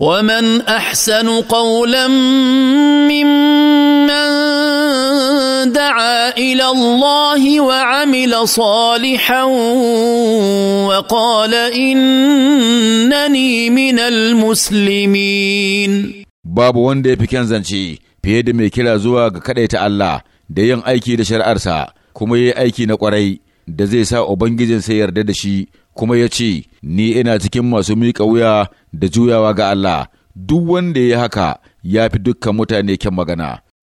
ومن احسن قولا ممن دعا الى الله وعمل صالحا وقال انني من المسلمين babu wanda ya fi kyan zance fiye da mai kira zuwa ga kaɗai ta Allah da yin aiki da shari'arsa kuma ya yi aiki na ƙwarai da zai sa Ubangijinsa yarda da shi kuma ya ce, Ni ina cikin masu miƙa wuya da juyawa ga Allah, duk wanda ya yi haka ya fi dukkan mutane kyan magana.